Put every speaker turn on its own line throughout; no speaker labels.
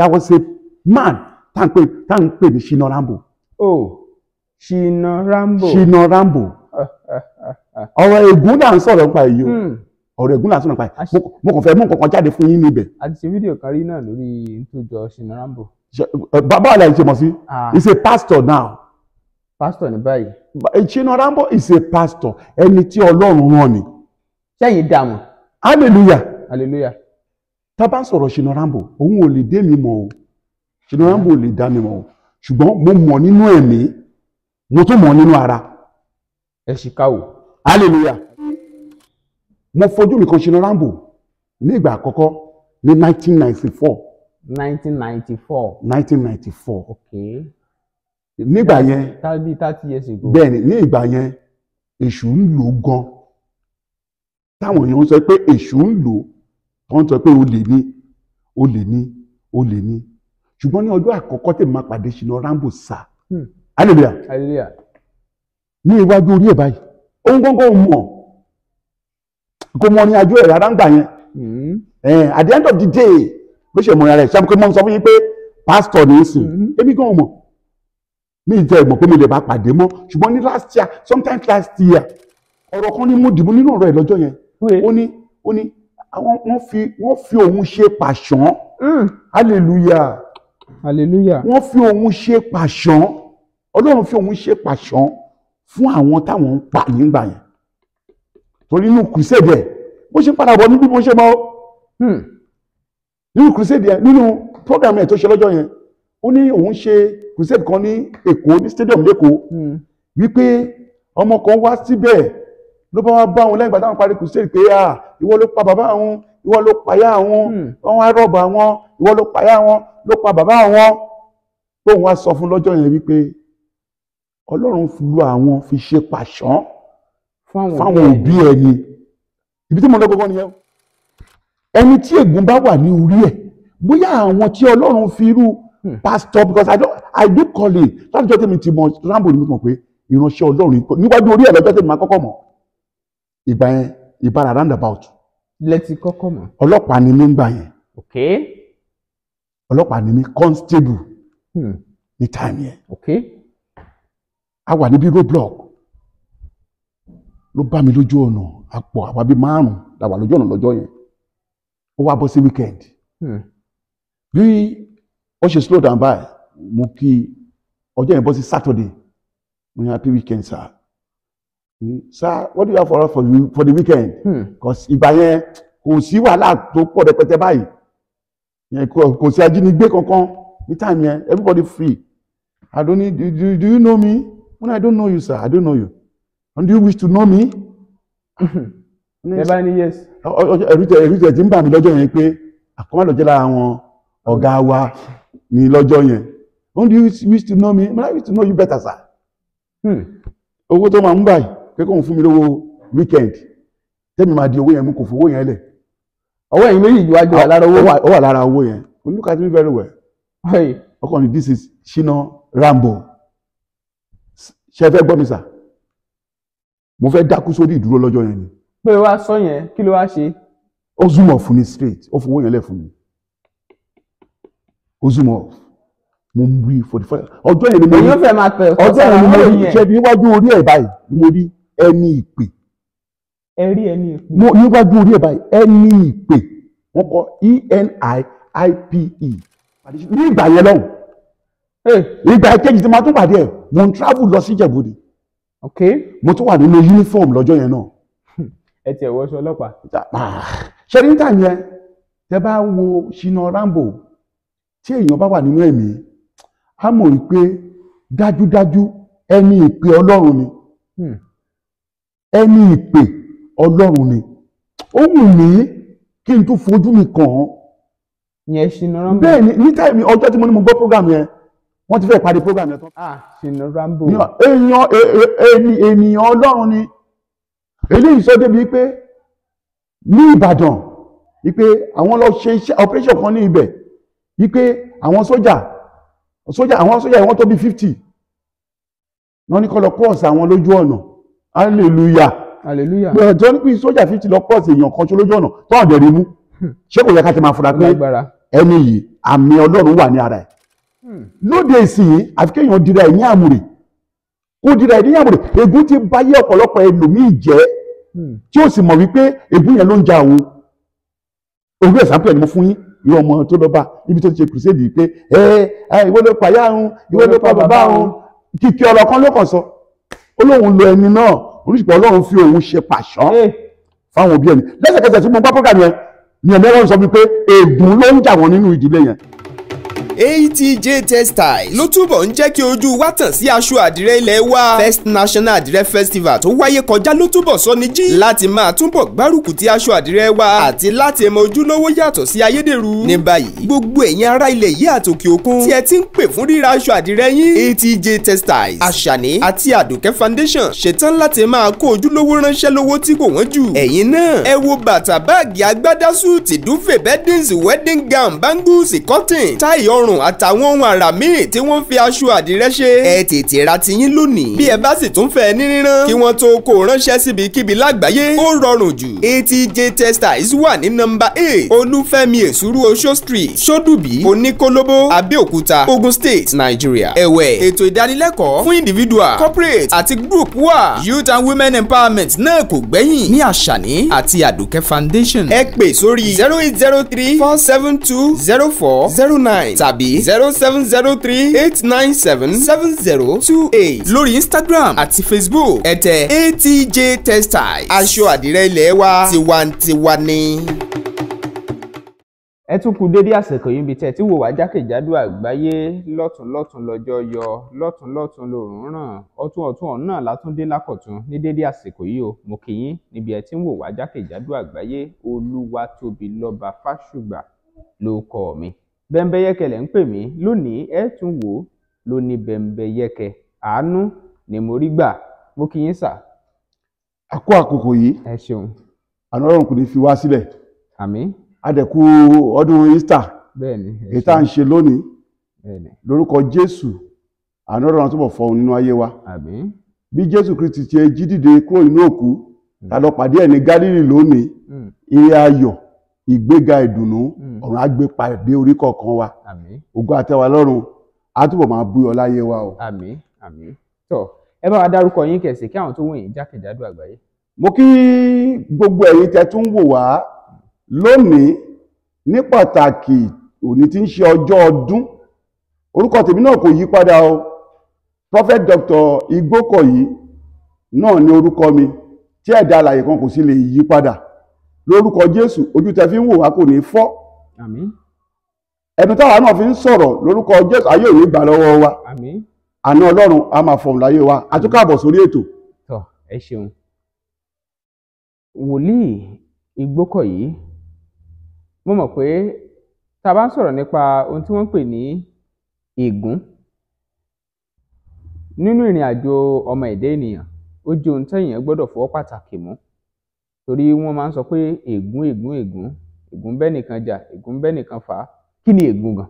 there was a man tá n pè tá n pè ní Shina Rambo.
oh Shina Rambo. Shina Rambo.
ọ̀rọ̀ ègún náà ń sọ̀rọ̀ nípa èyí o hmm. ọ̀rọ̀ ègún náà ń sọ̀rọ̀ nípa èyí mo kàn fẹ́ mú nǹkan kan jáde fún yín níbẹ̀.
a ti ṣe fídíò kan rí náà lórí ìtòjọ Shina Rambo.
bàbá àlẹ́ yìí ṣe mọ̀ sí he is a pastor now. pastor ní báyìí. Eh, Shina Rambo is a pastor ẹni tí Ọlọ́run rán ni. sẹ́yìn dààmú. hallelujah. hallelujah tá a bá ń sọ̀rọ̀ Shina Rambo òun ò lè dé mi mọ̀ o Shina Rambo ò lè dá mi mọ̀ o ṣùgbọ́n mo mọ̀ nínú ẹ̀mí mo tún mọ̀ nínú ara. ẹ ṣì ká o. hallelujah mo fojú mi kan Shina Rambo ní ìgbà àkọ́kọ́ ní 1994.
1994.
1994. okay. nígbà yẹn
tàbí thirty years ago. bẹ́ẹ̀ni
ní ìgbà yẹn èṣù ń lò gan táwọn èèyàn sọ pé èṣù ń lò wọ́n sọ pé olè ni olè ni olè ni ṣùgbọ́n ní ọjọ́ àkọ́kọ́ tèmi máa pàdé Shina Rambo sá
hmm. hallelujah
ní iwájú orí ẹ̀ báyìí òun gbọ́ngàn mọ̀ kò mọ ní ajo ẹ̀ rárá ń gbà yẹn hmm. at the end of the day bó ṣe mọ ara ẹ̀ ṣáà pé mo sọ fún yín pé pásítọ̀ ní í sìn hmm. èmi gan mọ̀ mi ì jẹ́ ìmọ̀ pé mi lè bá pàdé mọ́ ṣùgbọ́n ní last year sometimes last year ọ̀rọ̀ kan ní mo dìbò nínú ọ̀rọ̀ ẹ̀ lọ́jọ́ yẹn ó ní ó ní àwọn wọ́n fi wọ́n fi òun ṣe pàṣán. Hmm. hallelujah. hallelujah. wọ́n fi òun ṣe pàṣán ọlọ́run fi òun ṣe pàṣán fún àwọn táwọn ń pa nígbà yẹn torí inú kùsẹ̀dẹ̀ bó ṣe ń padà bọ̀ ní bí mo ṣe mọ́ hmm. nínú kùsẹ̀dẹ̀ nínú program ẹ̀ tó ṣe lọ́jọ́ yẹn ó ní òun ṣe kùsẹ̀dẹ̀ kan ní èkó ní stadium lẹ́kọ̀ọ́ hmm. wípé ọmọ kan wá síbẹ̀ ló bá wá bá wọn lẹ́yìn ìgbà táwọn parí crusade pé à ìwọ ló pa bàbá àwọn ìwọ ló payá àwọn hmm. wọn wá rọ̀bù àwọn ìwọ ló payá àwọn ló pa bàbá àwọn tóun wá sọ fún lọ́jọ́ yẹn wípé ọlọ́run lu àwọn fi ṣe pàṣán fáwọn òbí ẹni ibi tí mo lọ gbogbo nìyẹn ẹni tí ègún bá wà ní orí ẹ̀ bóyá àwọn tí ọlọ́run fi irú hmm. pastor because i don't i do call it láti jọ́ tèmi ti mọ̀ rambo ni mo mọ̀ pé ìránṣẹ́ ọlọ́run níwájú orí ẹ̀ lọ́jọ́ tèmi máa kọ́kọ́ mọ̀ ìgbà yẹn ìbára roundabout. lẹ́tí kọ́kọ́ mọ̀. ọlọ́pàá ni mí ń gbà yẹn. ok. ọlọ́pàá ni mí constable. Hmm. ní time yẹn. ok. a wà níbi roadblock ló bá mi lójú ọ̀nà àpọ̀ àwa bíi márùn-ún la wà lójú ọ̀nà lọ́jọ́ yẹn ó wá bọ́ sí weekend. Hmm. bí ó ṣe slow down báyìí mo kí ọjọ́ yẹn bọ́ sí saturday mo yàn happy weekend sáà Hmm. sir what do you have for us for, you, for the weekend because hmm. ìgbà yẹn kò sí wàhálà tó pọ̀ rẹpẹtẹ báyìí yẹn kò sí ajínigbé kankan ní time yẹn everybody free i don't need do, do, do you know me when i don't know you sir i don't know you and do you wish to know me. ẹ bá ní yes. ẹ̀rù tẹ̀ ẹ̀rù tẹ̀ ti ń bà mí lọ́jọ́ yẹn pé àkọ́mọ́ lọ́jọ́ lára wọn ọ̀gá wa ní lọ́jọ́ yẹn don't you wish to know me when i wish to know you better sir. Hmm. owó tó máa ń báyìí pé kóun fún mi lówó weekend tẹ́mi máa di owó yẹn mú kò fowó yẹn lẹ̀. ọwọ́ ẹ̀yin méjì ju wájú wa wà lára owó yẹn we look at me very well. ọkọ ni this is Shina Rambo ṣe fẹ́ gbọ́ mi sà mo fẹ́ dákú sórí ìdúró lọ́jọ́ yẹn ni.
pé wàá sọ yẹn kí
ló wá ṣe. ó zoom off ni straight ó fowó yẹn lẹ̀ fún mi ó zoom off mo ń rí forty five ọjọ́ yẹn ni mo rí
ọjọ́ yẹn ni mo rí ṣe
bí wájú orí ẹ̀ báyìí ni mo rí ẹni ìpè.
ẹ rí ẹni ìpè. mo
níwájú orí ẹ̀ báyìí ẹni ìpè wọ́n kọ eniipe e. ní ìgbà yẹn lọ́hùn. ìgbà kejì tí mo tún pàdé ẹ̀ mo ń travel lọ sí Ìjẹ̀bú-Òde. mo tún wà nínú uniform lọ́jọ́ yẹn náà. ẹ tiẹ̀ wọṣọ ọlọ́pàá. ṣé níta yẹn tẹ bá wo Shina Rambo tí èèyàn bá wà nínú ẹ̀mí á mọ̀ wípé dájúdájú ẹni ìpè Ọlọ́run ni. Hmm ẹni ìpè ọlọ́run ni ó wù mí kí n tún fojú mi kàn án. yẹn ṣìnà rambo. ni ní táìmì ọjọ́ tí mo ní mo gbọ́ program yẹn wọ́n ti fẹ́ parí program yẹn tán. ah
ṣìnà rambo.
èèyàn e, e, ènìyàn ọlọ́run ni eléyìí sọ débi pé ní ìbàdàn wípé àwọn lọ ṣe iṣẹ́ operation kan ní ibẹ̀ wípé àwọn sójà sójà àwọn sójà ìwọ́n tó bí fifty wọ́n ní kó lọ àwọn lójú ọ̀nà hallelujah hallelujah bẹ́ẹ̀ tó ní pín sójà fífi lọ pọ̀ sí èèyàn kan tó lójú ọ̀nà tó ọ̀dẹ̀ rí mú hmm. ṣé kò yẹ ká ti máa fura pé ẹni yìí àmì ọlọ́run wà ní ara ẹ̀ hmm. lóde ìsìn àfi kéèyàn dira ẹ̀ ní àmùrè kó dira ẹ̀ ní àmùrè ègún ti báyé ọ̀pọ̀lọpọ̀ ẹlòmíì jẹ́ hmm. tí ó sì mọ̀ wípé ègún yẹn ló ń ja òun òun ẹ̀sán pẹ̀lú mo fún yín ìwọ ọmọ tó lọ bá níbi tó ti ṣe crusade yìí pé ẹ ìwọ ló pa ìyá òun ìwọ ló pa bàbá òun kìkì ọ̀rọ̀ kan ló kàn sọ olóhùn lo ẹni náà oníṣìpọ̀ ọlọ́run fi òun ṣe pàṣán eh. fáwọn òbí ẹni lẹ́sẹ̀kẹsẹ̀ tí mo bá program yẹn ni ẹ̀mí ọlọ́run sọ mi pé ègún ló ń jà wọ́n nínú ìdílé yẹn
ATJ Textiles ló túbọ̀ ń jẹ́ kí ojú wa tàn sí aṣọ àdìrẹ ilẹ̀ wa First National Àdìrẹ Festival tó wáyé kọjá ló túbọ̀ sọ ní jí láti máa túbọ̀ gbárùkù ti aṣọ àdìrẹ wa àti láti mọ ojúlówó yàtọ̀ sí ayédèrú ní báyìí gbogbo ẹ̀yin ará ilẹ̀ yìí àtòkè òkun tí ẹ ti ń pè fún ríra aṣọ àdìrẹ yín ATJ Textiles Àṣàní àti Àdùkẹ́ Foundation ṣetán láti máa kó ojúlówó ránṣẹ́ lówó tí kò wọ́n jù ẹ̀yin náà ẹ wo bàtà báàgì agbádásù tìdúfè wedding gown bangles cotton ọrùn àtàwọn ohun àrà míì tí wọ́n ń fi aṣọ àdìrẹ́ ṣe. ẹ tètè ra tiyín lónìí. bí ẹ bá sì tún fẹ́ ní rírán kí wọ́n tó kó ránṣẹ́ síbikíbi lágbàáyé ó rọrùn jù. atj testers wà ní nọ́mbà eight olúfẹ́mi èsúrú oṣó street ṣódùbí oníkólóbó abẹ́òkúta ogun state nigeria. ẹ̀wẹ̀ ètò ìdánilẹ́kọ̀ọ́ fún individual corporate àti group wà youth and women empowerment náà kò gbẹ́yìn ní àṣàní àti àdùkẹ́ foundation. ẹ pè sórí zero eight zero three four seven two zero four zero nine tàbí tàbí zero seven zero three eight nine seven seven zero two eight lórí Instagram àti Facebook ẹ̀tẹ̀ ATJ Textiles aṣọ àdìrẹ ilé wa tiwantiwa ni. ẹ tún kú dédé àsìkò yìí níbi tẹ́ ẹ ti wò wá jákèjádò àgbáyé lọ́tùnlọ́tùn lọ́jọ́ yọ lọ́tùnlọ́tùn lòrùn ràn ọ̀tún ọ̀tún ọ̀hún náà látúndé lákọ̀tún ní dédé àsìkò yìí o mo kì í níbi ẹ ti ń wò wá jákèjádò àgbáyé olúwa tóbi lọ́ba fáṣùgbà ló kọ́ mi bẹ́ńbẹ́yẹ́kẹ́ lẹ̀ ń pè mí lónìí ẹ tún wò ó ló ní bẹ́ńbẹ́yẹ́kẹ́ àánú ni mo
rí gbà mo kì í sà. a kó àkókò yìí ẹ ṣeun àná ọlọ́run kò ní fi wá sílẹ̀ àmín adẹ̀kú ọdún Easter
bẹ́ẹ̀ni èyí
tá à ń ṣe lónìí lórúkọ Jésù àná ọlọ́run túbọ̀ fọhùn nínú ayé wa àmín bí Jésù Kristi ti jí dìde kúrò nínú òkú ta lọ pàdé ẹ̀ ní Gálílì lónìí hmm. ire ayọ̀ ìgbéga ìdùnnú hmm. ọ̀run á gbé pàdé orí kọ̀ọ̀kan wa ògo àtẹwà lọ́run á túbọ̀ máa bú ọ láyé wa o. àmín àmín tó ẹ bá
wa dárúkọ yín kẹsì kí àwọn tó wọ̀nyí jákèjádò àgbáyé.
mo kí gbogbo ẹ̀yin tẹ́ tún wò wá lónìí ní pàtàkì òní tí ń ṣe ọjọ́ ọdún orúkọ tèmi náà kò yí padà o prophet doctor igbókọ̀yí náà ni orúkọ mi tí ẹ̀dá alàyè kan kò sí lè yí padà lórúkọ jésù ojú tẹ fi ń wò wá kò ní fọ́ ẹnu táwa náà fi ń sọ̀rọ̀ lórúkọ jésù ayé òní gbà lọ́wọ́ wa àná ọlọ́run a máa fọ̀hún láyé wa a sórí ètò. ẹ ṣeun wòlíì
Igbókọ̀yí mo mọ̀ pé ta bá ń sọ̀rọ̀ nípa ohun tí wọ́n ń pè ní ègún nínú ìrìn àjò ọmọ ẹ̀dá ènìyàn ó jẹ́ ohun tẹ́yìn gbọ́dọ̀ fọwọ́ pàtàkì mú. torí wọ́n máa ń sọ pé ègún ègún ègún ègún bẹ́ẹ̀ nìkan jà ègún bẹ́ẹ̀ nìkan fà á kí
ni ègún gan.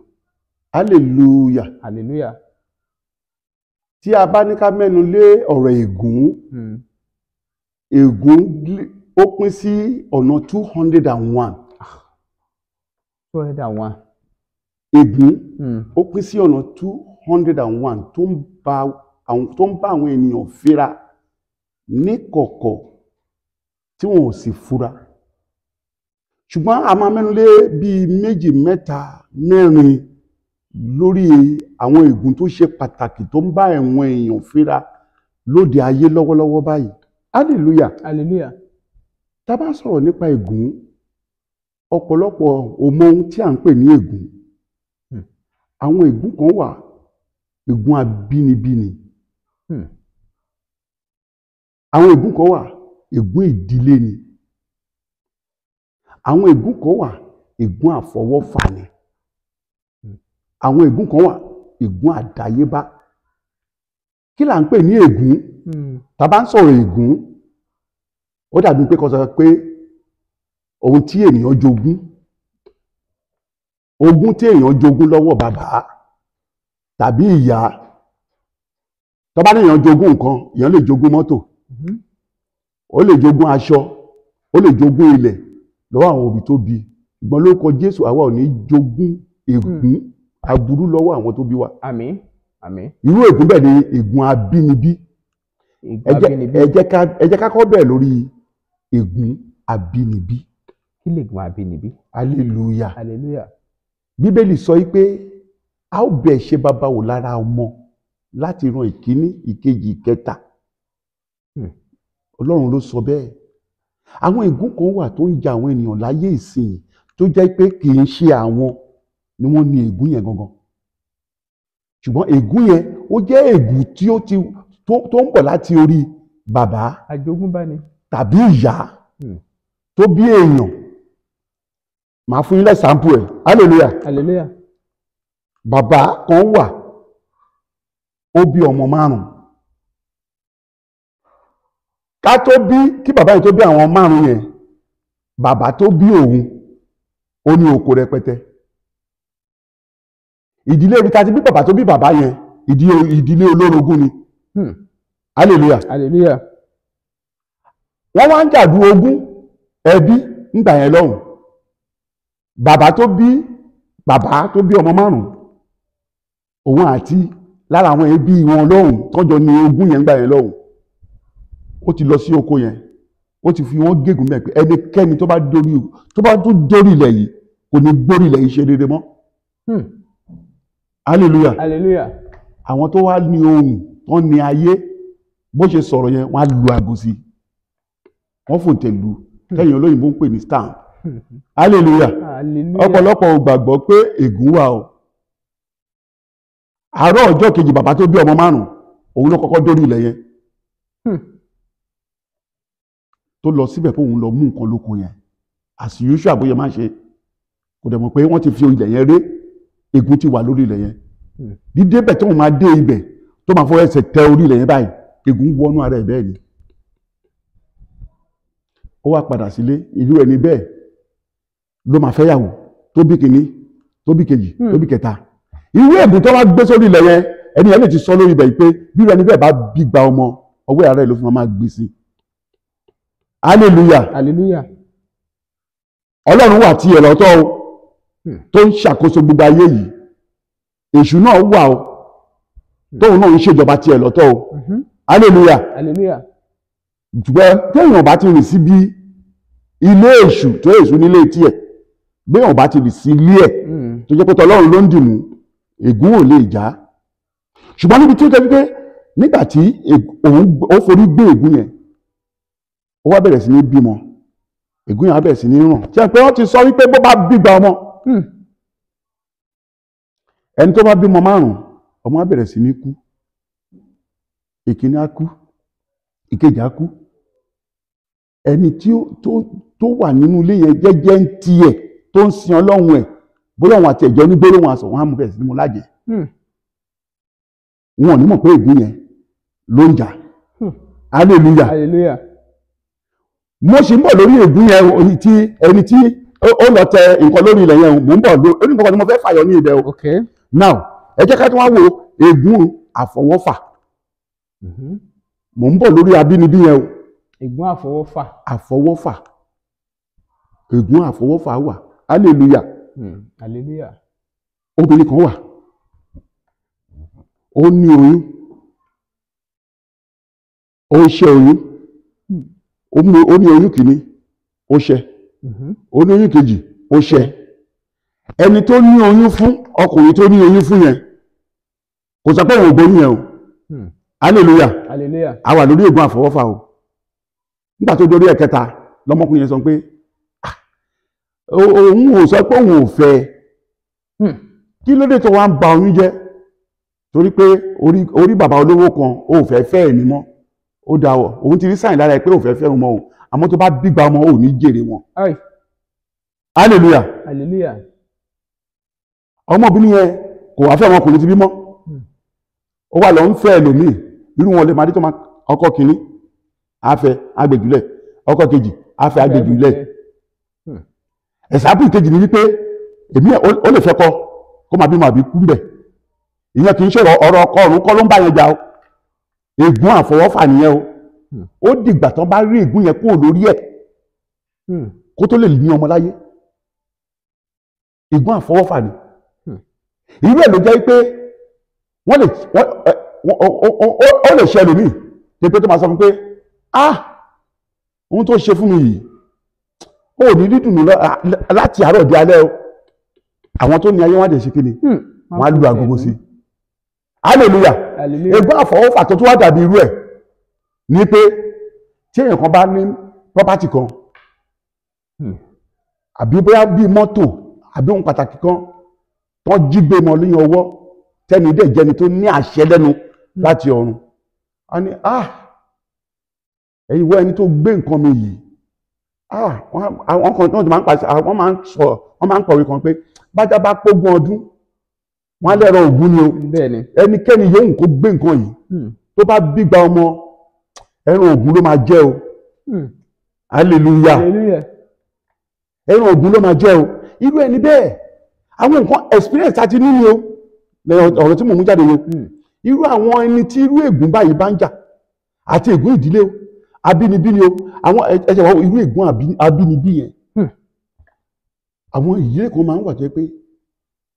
hallelujah. hallelujah. tí a bá ní ká mẹ́nu lé ọ̀rọ̀ ègún hmm. ègún ó pín sí ọ̀nà two hundred and one. Ah. two hundred and one. ègún hmm. ó pín sí ọ̀nà two hundred and one tó ń bá àwọn ènìyàn fínra níkọ̀kọ̀ tí wọn ò sì fura ṣùgbọ́n a máa mẹ́nulé bíi méjì mẹ́ta mẹ́rin lórí àwọn ègún tó ṣe pàtàkì tó ń bá ẹ̀wọ̀n èèyàn fínra lóde ayé lọ́wọ́lọ́wọ́ báyìí hallelujah hallelujah tá a bá sọ̀rọ̀ nípa ègún ọ̀pọ̀lọpọ̀ ò mọ ohun tí à ń pè ní ègún hmm. àwọn ègún kan wà ègún abínibíni hmm. àwọn ègún kan wà ègún ìdílé ni àwọn ègún kan wà ègún àfọwọ́fà ni àwọn ègún kan wà ègún àdáyébá kí là ń pè ní ègún hmm. tá bá ń sọ̀rọ̀ ègún ó dàbí pé kọsọ pé ohun tí ènìyàn jogún ogun tí èèyàn jogún lọ́wọ́ bàbá tàbí ìyá tó bá ní èèyàn jogún nǹkan èèyàn lè jogún mọ́tò ó lè jogún aṣọ ó lè jogún ilẹ̀ lọ́wọ́ àwọn òbí tó bí ìgbọ́n lórúkọ Jésù àwa ò ní jogún ègún aburú lọ́wọ́ àwọn tó bí wa. àmín àmín. irú ègún bẹ́ẹ̀ ni ègún abínibí ẹ jẹ́ ká kọ́ bẹ́ẹ̀ lórí ègún abínibí. kí lè gun abínibí. aleluya aleluya. bíbélì sọ yìí pé a ó bẹ̀ ṣe bàbá wò lára ọmọ láti ran ìkíní ìkejì ìkẹta. Hmm ọlọ́run ló sọ bẹ́ẹ̀ àwọn ègún kan wà tó ń ja àwọn ènìyàn láyé ìsìn tó jẹ́ pé kì í ṣe àwọn ni wọ́n ní ègún yẹn gangan ṣùgbọ́n ègún yẹn ó jẹ́ ègún tí ó ti tó ń bọ̀ láti orí bàbá àjogúnbá ni tàbí ìyá hmm. tó bí èèyàn màá fún yín lẹ́sàmpù ẹ̀ hallelujah hallelujah bàbá kan wà ó bí ọmọ márùn-ún ká tó bí kí bàbá yìí tó bí àwọn márùn yẹn bàbá tó bí òun ó ní oko rẹpẹtẹ ìdílé ibi tá ti bí bàbá tó bí bàbá yẹn ìdílé olórogún ni hmm. hallelujah hallelujah wọ́n wá ń jàdú ogún ẹbí ńgbà yẹn lọ́hùn bàbá tó bí bàbá tó bí ọmọ márùn òun àti lára àwọn ẹbí wọn lọ́hùn tọ́jọ́ ní ogún yẹn ńgbà yẹn lọ́hùn ó ti lọ sí oko yẹn ó ti fi wọ́n gégùn mẹ́ pé ẹnikẹ́ni tó bá dórí tó bá tún dórí ilẹ̀ yìí kò ní gbórí ilẹ̀ yìí ṣe rere mọ́. Hmm. hallelujah hallelujah àwọn tó wá ní ohun wọ́n ní ayé bó ṣe sọ̀rọ̀ yẹn wọ́n á lu aago sí wọ́n fòǹtẹ̀ lu tẹ̀yìn hmm. olóyìnbó ń pè ní stamp hallelujah ọ̀pọ̀lọpọ̀ ò gbàgbọ́ pé ègún wà o àárọ̀ ọjọ́ kejì bàbá tó bí ọmọ márùn-ún òun ló kọ́kọ́ dórí ilẹ̀ yẹn. Hmm tó lọ síbẹ̀ pé òun lọ mú nǹkan lóko yẹn as usual bóyá má ṣe kò dẹ̀ mọ̀ pé wọ́n ti fi ilẹ̀ yẹn ré ègún ti wà lórí ilẹ̀ yẹn hmm. dídé bẹ̀ tó máa dé ibẹ̀ tó máa fọ ẹsẹ̀ tẹ orí ilẹ̀ yẹn báyìí ègún wọnú ara ẹ̀ bẹ́ẹ̀ ni ó wá padà sílé ìlú ẹni bẹ́ẹ̀ ló máa fẹ́ yàwó tó bí kìíní tó bí kejì hmm. tó bí kẹta irú ègún tó wá gbé sórí ilẹ̀ yẹn ẹni yẹn lè ti sọ lórí ibẹ̀ yìí pé bí ẹni bẹ́ẹ̀ bá bí gba ọmọ ọwọ́ ara ẹ̀ ló fi máa gbé sí i hallelujah hallelujah ọlọ́run wà tí ẹ lọ́tọ̀ o hmm. tó ń ṣàkóso gbogbo ayé yìí èṣù náà wà o hmm. tóun náà ń ṣèjọba tí ẹ lọ́tọ̀ o mm-hmm. hallelujah hallelujah ṣùgbọ́n téèyàn bá ti rìn síbi ilé èṣù tó èṣù nílé tiẹ̀ béèyàn bá ti rìn sí ilé ẹ̀ hmm. tó jẹ́ pé tọlọ́run ló ń dìmú ègún ò lè já ṣùgbọ́n níbi tí ó jẹ́ pé nígbà tí òun ó forí gbé ègún yẹn ó wá bẹ̀rẹ̀ sí ní bímọ ègún yẹn á bẹ̀rẹ̀ sí ní rùn tí a pé wọ́n ti sọ wípé bó bá bígba ọmọ hmm. ẹni tó bá bímọ márùn ọmọ á bẹ̀rẹ̀ sí ní kú ìkíní á kú ìkejì á kú ẹni tí tó wà nínú ilé yẹn jẹ́jẹ́ ń tiẹ̀ tó ń sin ọlọ́run ẹ̀ bóyá àwọn àti ẹ̀jọ́ ní gbólóhùn aṣọ wọn á mú bẹ̀rẹ̀ sí ní mú lájẹ̀ hmm. wọn ò ní mọ̀ pé ègún yẹn ló ń jà hmm. hallelujah. hallelujah. mo si ń bọ̀ lórí ègún yẹn ẹni tí ó lọ tẹ nǹkan lórí ilẹ̀ yẹn mò ń bọ̀ lórí ni mo fẹ́ fàyọ ní ibẹ̀ o now ẹ jẹ́ ká tí wọ́n wo ègún àfọwọ́fà mò mhm. ń bọ̀ lórí abínibí yẹn o
ègún àfọwọ́fà
àfọwọ́fà ègún àfọwọ́fà wà hallelujah ó ní oyún kìíní ó ṣẹ mm-hmm. ó ní oyún kejì ó ṣẹ ẹni tó ní oyún fún ọkùnrin tó ní oyún fún yẹn kò sọ pé òun ò gbóyún yẹn o hmm. hallelujah hallelujah a wà lórí ègún àfọwọ́fà o nígbà tó dorí ẹ̀kẹta lọ́mọkùnrin yẹn sọ pé ah, òun ò sọ pé òun ò fẹ́ hmm. kí ló dé tó wá ń ba oyún jẹ́ torí pé orí bàbá olówó kan ò fẹ́ fẹ́ ẹ̀ ní ó dáwọ́ òun ti rí sáyìn lára ẹ pé òun fẹ́ fẹ́ ọmọ òun àmọ́ tó bá bígba ọmọ òun ní jèrè wọn. hallelujah. hallelujah. ọmọbìnrin yẹn kò wá fẹ́ ọmọkùnrin ti bímọ hmm. ó wà lọ ń fẹ́ ẹlòmíì irú wọn lè máa dé tó máa ọkọ kìíní àfẹ́ agbèjúlẹ̀ ọkọ kejì àfẹ́ agbèjúlẹ̀ ẹ̀sàpù hmm. kejì ni wípé èmi ó lè fẹ́ kọ kó máa bímọ àbí kú ń bẹ̀ ìyẹn kì í ṣòro ọ̀rọ̀ ọkọ ọ̀run kọ́ ló ń bá yẹn jà o ègún àfọwọ́fà nìyẹn o hmm. ó dìgbà tán bá rí ègún yẹn kúrò lórí ẹ̀ hmm. kó tó lè ní ọmọ láyé ègún àfọwọ́fà ni hmm. irú ẹ̀ ló jẹ́ pé wọ́n lè ó lè ṣe ẹlòmíì ṣe pé tó máa sọ fún pé ah ohun tó ṣe fún mi yìí ó ní dídùn láti àárọ̀ di alẹ́ o àwọn tó ní ayé wọn á dẹ̀ ṣe kí ni wọn á lu agogo sí i hallelujah ẹgbẹ́ àfọwọ́fà tó tún wá dàbí irú ẹ̀ ni pé tí èèyàn kan bá ní property kan hmm, àbí bóyá bíi mọ́tò àbí ohun pàtàkì kan tó jí gbé mọ́ lóyún ọwọ́ tẹ́ni dẹ̀ jẹ́ni tó ní àṣẹ lẹ́nu hmm. láti ọ̀run a ní ah ẹ̀yin wọ ẹni tó gbé nǹkan mi yìí ah wọ́n kan wọ́n máa ń pàṣẹ wọ́n máa ń sọ wọ́n máa ń pọ̀wé kan pé bájá bá pógun ọdún wọ́n á lẹ́rọ ògún ni o ẹnikẹ́ni yóò kó gbé nǹkan yìí hmm. tó bá bígba ọmọ ẹran ògún ló máa jẹ́ o hmm. hallelujah ẹran ògún ló máa jẹ́ o irú ẹni bẹ́ẹ̀ àwọn nǹkan experience àti nínú o ọ̀rọ̀ tí mò ń mú jáde yẹn hmm. irú àwọn ẹni tí irú ègún báyìí bá ń jà àti ègún ìdílé o abínibí ni o àwọn ẹ̀jẹ̀ wà irú ègún abínibí yẹn àwọn ìdílé kan máa ń wà tó pé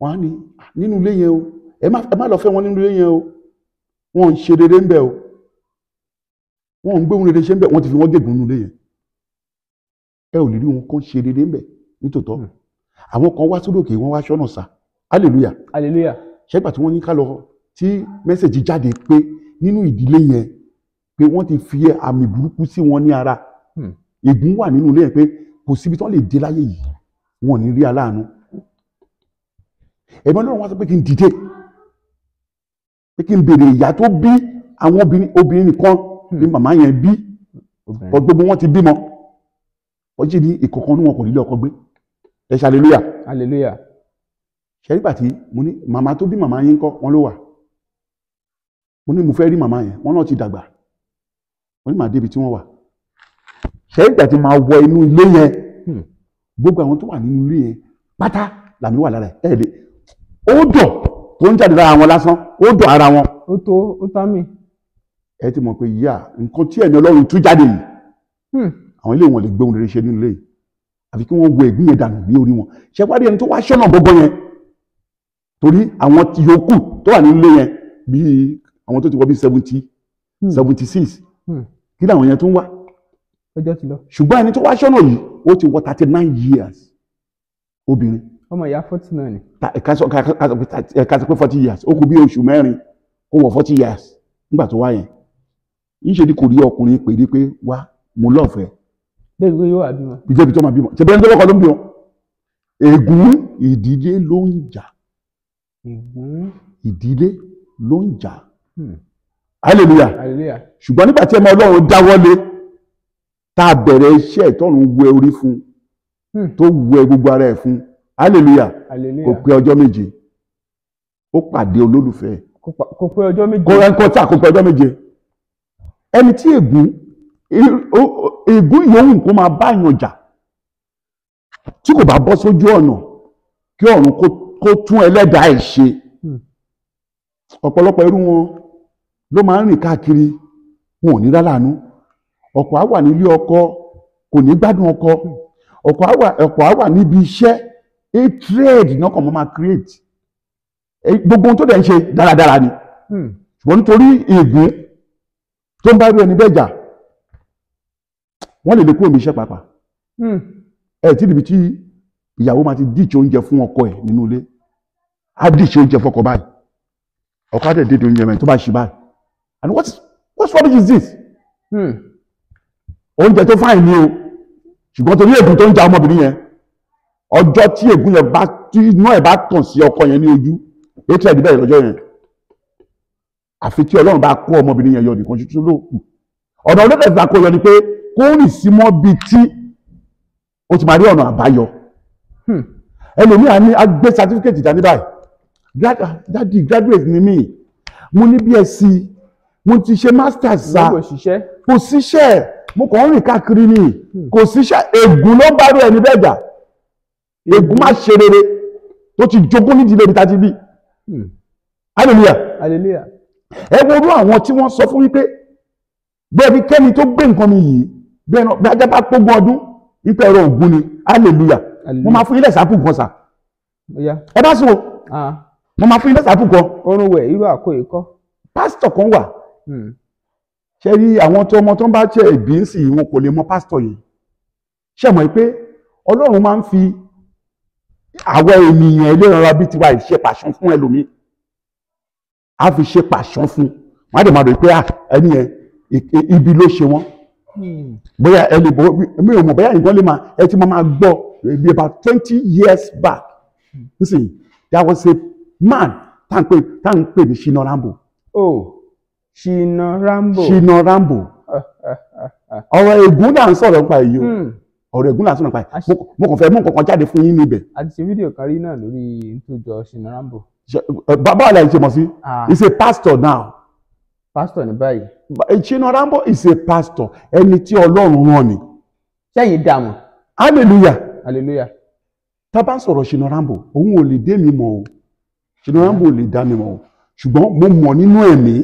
wọ́n á ní nínú ilé yẹn o ẹ má lọ fẹ́ wọn nínú ilé yẹn o wọn ń ṣe rere ń bẹ o wọn ń gbé ohun rere ṣe ń bẹ wọn ti fi wọn gègùn nínú ilé yẹn ẹ ò lè rí wọn kàn ṣe rere ń bẹ nítòótọ́ hmm. àwọn kan wá sódò kì í wọn wá sọ́nà sá hallelujah hallelujah ṣẹ́gbà tí wọ́n ní ká lọ tí mẹ́sẹ̀jì jáde pé nínú ìdílé yẹn pé wọ́n ti fi àmì burúkú sí wọn ní ara hmm. ègún wà nínú ilé yẹn pé kò síbi tí wọ́n lè dé láyé yìí wọn ò ní rí aláàánú ẹ̀mí ọlọ́run wá sọ pé kí n dìde pé kí n béèrè ìyá tó bí àwọn obìnrin obìnrin nìkan ni màmá yẹn bí gbogbo wọn ti bímọ ọjí ní ìkọ̀kan níwọ̀n kò nílé ọkọ gbé ẹ ṣe aleluya aleluya ṣẹ́rí pàtí mo ní màmá tó bí màmá yín kọ́ wọn ló wà mo ní mo fẹ́ rí màmá yẹn wọn náà ti dàgbà mo ní màá débi tí wọ́n wà ṣẹ́rí pàtí máa wọ inú ilé yẹn hmm. gbogbo àwọn tó wà nínú ilé yẹn pátá làmì wà lára ẹ̀ lè ó dùn tó ń jáde lára wọn lásán ó dùn ara wọn. ó tó ó tá mi. ẹ ti mọ̀ pé yíyá nǹkan tí ẹ̀mí ọlọ́run tú jáde yìí hmm. àwọn ilé wọn lè gbóhùn rere ṣe nínú ilé yìí àfi kí wọ́n wo ẹ̀gbìn yẹn dànù ní orí wọn ṣe pàdé ẹni tó wá ṣọ́nà gbogbo yẹn torí àwọn yòókù tó wà nínú ilé yẹn bíi àwọn tó ti wọ bíi seventy hmm. seventy six hmm. kí làwọn yẹn tó ń wá ṣùgbọ́n ẹni tó wá ṣọ́nà yìí ó ti wọ thirty nine years obìnrin
ọmọ ìyá forty nine. ni.
ká kaso pé forty years ó kù bí oṣù mẹ́rin ó wọ forty years nígbà tó wá yẹn níṣẹ́ ni kò rí ọkùnrin pè é pé wá mo lọ́ọ̀fẹ́.
débi pé yóò wá bímọ.
ìjẹ́bi tó máa bímọ ṣe bẹ́ẹ̀ ń tọ́lọ́kọ ló ń bímọ. ègún ìdílé ló ń jà. ègún ìdílé ló ń jà. Hmm. hallelujah. hallelujah. ṣùgbọ́n nígbà tí ẹ máa ọlọ́run dáwọ́lé tá a bẹ̀rẹ̀ iṣẹ́ ìtọ́run wẹ orí fún hmm. tó wẹ gbogbo ara ẹ̀ fún hallelujah kò pé ọjọ́ méje ó pàdé olólùfẹ́
kò pé ọjọ́ méje kò rẹ́ńkọ́
tà kò pé ọjọ́ méje ẹni tí ègún ègún yòówù kó máa bá èèyàn jà tí kò bá bọ́ sójú ọ̀nà kí ọ̀run kó tún ẹlẹ́dàá ẹ̀ ṣe hmm. ọ̀pọ̀lọpọ̀ irú wọn ló máa ń rìn káàkiri wọn ò ní rálàánú ọ̀pọ̀ á wà nílé ọkọ kò ní gbádùn ọkọ hmm. ọ̀pọ̀ á wà níbi iṣẹ́ hatred náà kàn máa create e, gbogbo ohun tó dẹ̀ ń ṣe dáradára ni hmm. ṣùgbọ́n nítorí ègún tó ń bá irú ẹni bẹ́ẹ̀ jà wọ́n lè lè kúrò ní iṣẹ́ pàápàá hmm. ẹ tí níbi tí ìyàwó máa ti díje oúnjẹ fún ọkọ ẹ̀ nínú ilé á díje oúnjẹ fọkọ báyìí ọkọ àti èdè oúnjẹ mẹ́rin tó bá ṣe báyìí and what what rubbish is this hmm. oúnjẹ tó fáìn ni o ṣùgbọ́n torí ègún tó ń ja ọmọbìnrin yẹn ọjọ́ tí ègún yẹn bá tí iná ẹ̀ bá tàn sí ọkọ yẹn ní ojú ló tẹ̀ níbẹ̀ lọ́jọ́ yẹn àfi tí ọlọ́run bá kó ọmọbìnrin yẹn yọ nìkan ṣoṣo ló kù ọ̀nà olóòtú ẹ̀sìn àkóyọ ni pé kó rìn sí mọ́ bi tí ó ti máa rí ọ̀nà àbáyọ hmm. ẹlòmíà ní agbé certificate dání báyìí dadi graduate ni mí mo ní BSc mo ti ṣe masters sa kò síṣẹ́ mo kàn ń rìn káàkiri ni kò síṣẹ́ ègún ló bá rí ẹni bẹ́ẹ̀ jà ègún má ṣe rere tó ti jogún nídìílé ibi tá a ti bí hmm. hallelujah hallelujah ẹ wo orú àwọn tí wọ́n sọ fún wípé bẹ́ẹ̀ bí kẹ́ni tó gbé nǹkan mi yìí bẹ́ẹ̀ náà bí ajá bá pógun ọdún wípé ẹ̀rọ ògún ni hallelujah mo máa fún ilé ìsàpù kan sà ẹ bá sọ mo máa fún ilé ìsàpù kan. orun wẹ̀ irú àkó ikọ́. pásítọ̀ kan wà hmm. ṣe rí àwọn tó ọmọ tó ń bá tẹ ẹ̀bí ń sìn wọn kò lè mọ pásítọ̀ yìí ṣe mọ̀ pé ọlọ́run máa ń fi àwọn ènìyàn ẹlẹ́ranra bíi tiwa ìṣe pàṣán fún ẹlòmíì a fi ṣe pàṣán fún wọn á dẹ̀ máa rò pé ẹni yẹn ibi ló ṣe wọn hmm. bóyá ẹni bó mi ò mọ̀ bóyá ìgbọ́n lè máa ẹ ti máa gbọ́ maybe about twenty years back hmm. nísìnyí there was a man tá n pè tá n pè ní Shina Rambo.
oh Shina Rambo. Shina Rambo ọ̀rọ̀
ègún náà ń sọ̀rọ̀ nípa èyí o. Hmm ọ̀rọ̀ ẹ̀gún làásùn nípa ẹ̀ mo kàn fẹ́ mú nǹkan kan jáde fún yín níbẹ̀.
a ti ṣe fídíò kan rí náà lórí ntòjọ Shina Rambo.
bàbá àlàyé ṣe mọ̀ sí he's a pastor now. pastor ní báyìí. Eh, Shina Rambo is a pastor ẹni tí ọlọ́run rán ni. sẹ́yìn dààmú. hallelujah. hallelujah. tá a bá ń sọ̀rọ̀ Shina Rambo òun ò lè dé mi mọ̀ o Shina Rambo ò lè dá mi mọ̀ o ṣùgbọ́n mo mọ̀ nínú ẹ̀mí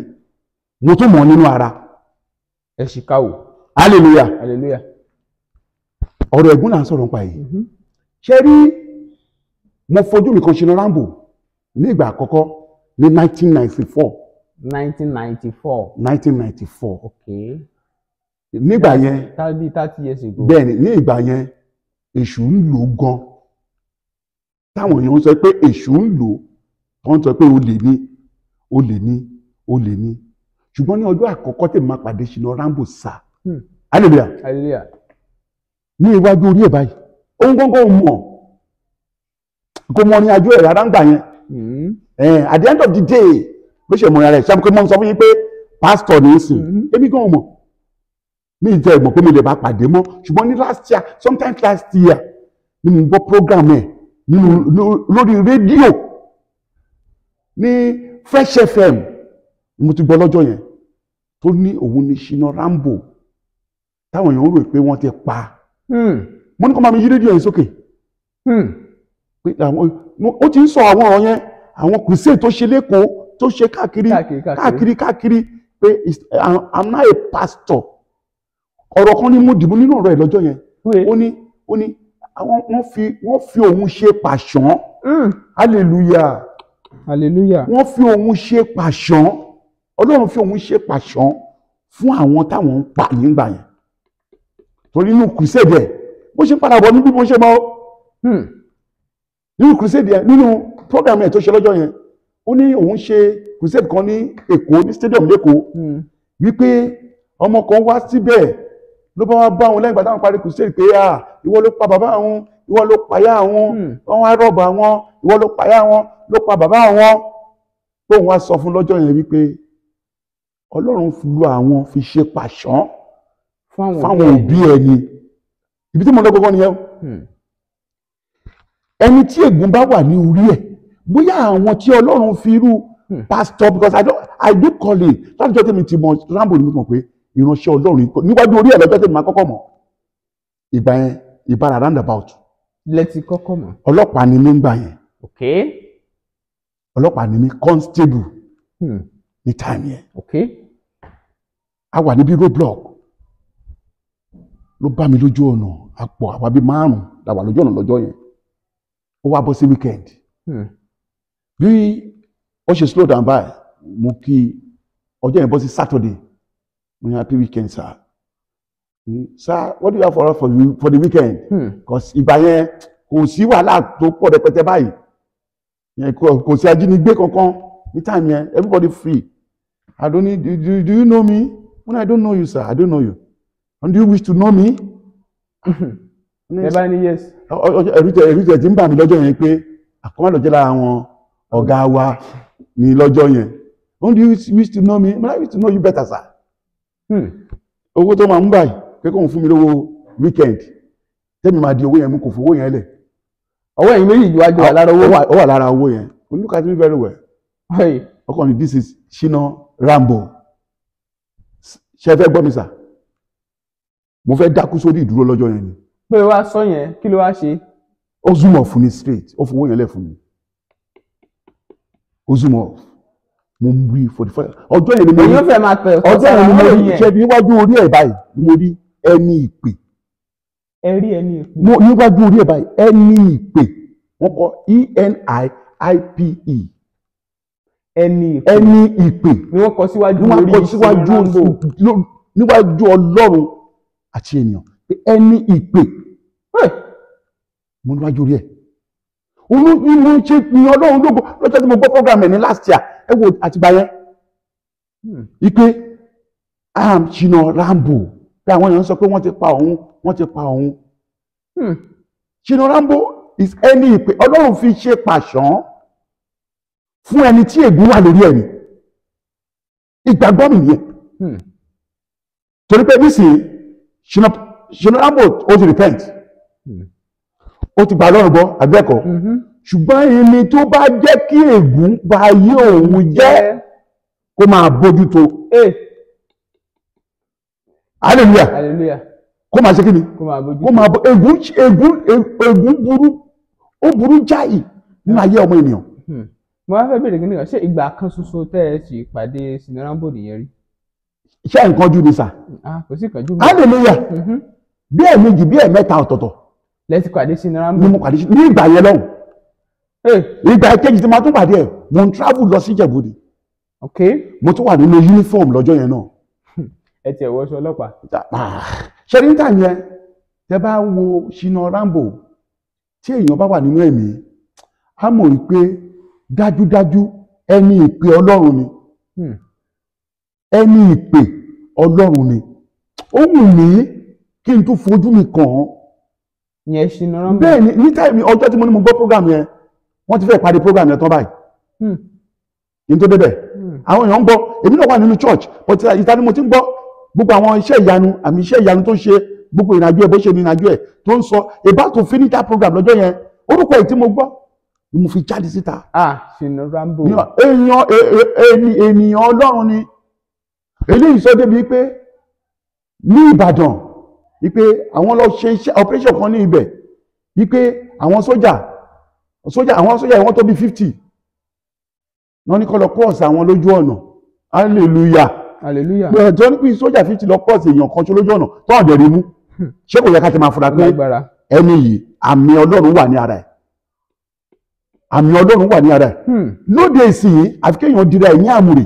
mo tún mọ̀ nínú ara. ẹ̀ hallelujah. hallelujah ọ̀rọ̀ ẹ̀gún là ń sọ̀rọ̀ nípa yìí ṣe rí mo fojú mi kan ṣe rambo ní ìgbà àkọ́kọ́ ní 1994.
1994.
1994. okay. nígbà yẹn
tàbí thirty years ago. bẹ́ẹ̀ni
ní ìgbà yẹn èṣù ń lò gan táwọn èèyàn sọ pé èṣù ń lò wọ́n sọ pé o lè ní o lè ní o lè ní ṣùgbọ́n ní ọjọ́ àkọ́kọ́ tèmi máa pàdé ṣìnà rambo sá. Hmm. hallelujah ní iwájú orí ẹ̀ báyìí òun gbọ́ngàn mọ̀ kò mọ ní ajú ẹ̀ rárá ń gbà yẹn hmm. eh, at the end of the day bó ṣe mọ̀ ara ẹ̀ ṣàbùkù mọ́ sọ fún yín pé pásítọ̀ ní í sìn ẹbí hmm. gan mọ̀ mi ìtẹ́ ẹ̀gbọ́n pé mi lè bá pàdé mọ́ ṣùgbọ́n ní last year sometimes last year ni mo gbọ́ program ẹ̀ nínú lórí rédíò ní Fresh FM mo ti gbọ́ lọ́jọ́ yẹn tó ní òun ní Shina Rambo táwọn èèyàn rò pé wọ́n ti pa á. Hmm. mo ní kó máa mi yí rédíò yẹn sókè hmm. ó ti ń sọ àwọn ọ̀rọ̀ yẹn àwọn kùsẹ́ tó ṣe lẹ́kọ̀ọ́ tó ṣe káàkiri káàkiri káàkiri pé i'm not a pastor ọ̀rọ̀ kan ní mo dìbò nínú ọ̀rọ̀ ẹ̀ lọ́jọ́ yẹn ó ní ó ní wọ́n fi wọ́n fi òun ṣe pàṣán hmm. hallelujah hallelujah wọ́n fi òun ṣe pàṣán ọlọ́run fi òun ṣe pàṣán fún àwọn táwọn ń pa nígbà yẹn torí inú crusade ẹ̀ bó ṣe padà bọ̀ níbi bó ṣe mọ́ hmm. nínú crusade ẹ̀ nínú program ẹ̀ tó ṣe lọ́jọ́ yẹn ó ní òun ṣe crusade kan ní èkó ní stadium lẹ́kọ̀ọ́ hmm. wípé ọmọ kan wá síbẹ̀ ló bá wá bá wọn lẹ́yìn gbàdáwọn parí crusade pé à ah, ìwọ ló pa bàbá àwọn ìwọ ló payá àwọn hmm. wọn wá rọ̀bà wọn ìwọ ló payá wọn ló pa bàbá àwọn tóun wá sọ fún lọ́jọ́ yẹn wípé ọlọ́run lu àwọn fi ṣe pàṣán
fáwọn òbí
ẹni ibi tí mo lọ gbọ́gbọ́ nìyẹn hmm. ẹni tí ègún bá wà ní orí ẹ̀ bóyá àwọn tí ọlọ́run fi irú hmm. pastor because i don't i do call it láti jọ́ tèmi ti mọ̀ rambo ni mo mọ̀ pé ìránṣẹ́ ọlọ́run níwájú orí ẹ̀ lọ́jọ́ tèmi máa kọ́kọ́ mọ̀ ìgbà yẹn ìbára roundabout. lẹ́tí kọ́kọ́ mọ̀. ọlọ́pàá ni mí ń gbà yẹn. ok. ọlọ́pàá ni mí constable. Hmm. ní táìmù yẹn. ok. a wà níbi roadblock ló bá mi lójú ọ̀nà àpọ̀ àwa bíi márùn-ún la wà lójú ọ̀nà lọ́jọ́ yẹn ó wá bọ́ sí weekend hmm. bí ó ṣe slow down báyìí mo kí ọjọ́ yẹn bọ́ sí Saturday mo ní happy weekend sir hmm. sir what do you have for us for the, for the weekend because hmm. ìgbà yẹn kò sí wàhálà tó pọ̀ rẹpẹtẹ báyìí yẹn kò sí ajínigbé kankan ní time yẹn everybody free I don't need do, do, do you know me when I don't know you sir I don't know you and you wish to know me. ẹ bá yes. ẹ̀rù tẹ̀ ẹ̀rù tẹ̀ tí ń bà mí lọ́jọ́ yẹn pé àkọ́mọ́ lọ́jọ́ lára wọn ọ̀gá wa ní lọ́jọ́ yẹn and you wish to know me but I wish to know you better sir. Hmm. owó tó máa ń báyìí pé kóun fún mi lówó weekend tẹ́mi máa di owó yẹn mú kò fowó yẹn lẹ̀. ọwọ́ ẹ̀yin méjì wá jọ wà lára owó. ó wà yẹn look at me very well. ọkọ ni this is Shina Rambo ṣe fẹ́ gbọ́ mi sir mo fẹ́ dákú sórí ìdúró lọ́jọ́ yẹn ni.
pé wá sọ yẹn kí ló wá ṣe.
ó zoom off fún straight ó fowó yẹn lẹ̀ fún mi ó zoom off mo ń rí forty five ọjọ́ yẹn ni mo rí ọjọ́ yẹn ni mo rí ṣe níwájú orí ẹ̀ báyìí ni mo rí ẹni ìpè.
ẹ rí ẹni ìpè. mo
níwájú orí ẹ̀ báyìí ẹni ìpè wọ́n kọ E-N-I-I-P-E. E. ẹni ìpè ẹni ìpè ni wọ́n kọ síwájú orí níwájú Ọlọ́run àti ènìyàn pé ẹni ìpè mo níwájú rí ẹ òun ni mo ṣe ní ọlọ́run lógo lọ́jọ́ tí mo gbọ́ program ẹ̀ ní last year ẹ wo àtìgbà yẹn ìpè am hmm. um, Shina Rambo pé àwọn èèyàn sọ pé wọ́n ti pa òun wọ́n ti pa òun hmm. Shina Rambo is ẹni ìpè ọlọ́run fi ṣe pàṣán fún ẹni tí ègún wà lórí ẹ̀mí ìgbàgbọ́ mi nìyẹn hmm. torí pé nísìnyí ṣùnà ambo ó ti repent ó ti gbà lọ́rùn gbọ́ àgbẹ̀kọ́ mm-hmm. ṣùgbọ́n ẹni tó bá jẹ́ kí ègún bá yé òun jẹ́ kó máa bójú tó eh. hallelujah kó máa ṣe kí ni kó máa bójú ègún ègún ègún burú ó burú jáì nínú ayé ọmọ ènìyàn.
Hmm. mo wá fẹ́ bèrè kí nìkan ṣé ìgbà kan ṣoṣo tẹ́ ẹ ti pàdé Ṣínà Rambo nìyẹn rí
iṣẹ́ nǹkan ojú ni sà.
Ah, kò sí ìkànjú mi. hallelujah
mm-hmm. bí ẹ̀ méjì bí ẹ̀ mẹ́ta ọ̀tọ̀ọ̀tọ̀. lẹ́tí pàdé sí náírà mi. ni mo pàdé sí ní ìgbà yẹn lọ́hùn. ìgbà kejì tí mo tún pàdé ẹ̀ mo ń travel lọ sí Ìjẹ̀bú ni. mo tún wà nínú uniform lọ́jọ́ yẹn náà. Hmm. ẹ tiẹ̀ wọṣọ ọlọ́pàá. ṣe ní tàn yẹn tẹ bá wo Ṣínà Rambo tí èèyàn bá wà nínú ẹ̀mí á mọ̀ wípé dájúdájú ẹni ìpè Ọlọ́run ni. Hmm ẹni ìpè ọlọ́run ni ó wù mí kí n tún fojú mi kàn án. yẹn ṣìnà rán mi. bẹ́ẹ̀ ni ní táìmì ọjọ́ tí mo ní mo gbọ́ program yẹn wọ́n ti fẹ́ parí program yẹn tán báyìí hmm. kí tó débẹ̀ hmm. àwọn èèyàn ń gbọ́ èmi náà wà nínú church but ìta ni mo ti ń gbọ́ gbogbo àwọn iṣẹ́ ìyanu àmì iṣẹ́ ìyanu tó ń ṣe gbogbo ìrìnàjò ẹ̀ bó ṣe ìrìnàjò ẹ̀ tó ń sọ about to finish that program lọ́jọ́ yẹn orúkọ ẹ̀ tí mo gbọ́ ni mo fi jáde síta. ah
ṣìnà rambo.
èèyàn ènìyàn ọlọ́run ni eléyìí sọ débi pé ní Ìbàdàn wípé àwọn lọ ṣe iṣẹ́ operation kan ní ibẹ̀ wípé àwọn sójà sójà àwọn sójà ìwọ́n tó bí fifty wọ́n ní kó lọ cross àwọn lójú ọ̀nà hallelujah tó ní pé sójà fifty lọ cross èèyàn kan tó lójú ọ̀nà tó ọ̀dẹ̀ rí mú hmm. ṣé kò yẹ ká ti máa fura pé ẹni yìí àmì Ọlọ́run wà ní ara ẹ̀ àmì Ọlọ́run wà ní ara ẹ̀ hmm. lóde ìsìn yìí àfikẹ́yàn dira ẹ̀ ní àmùrè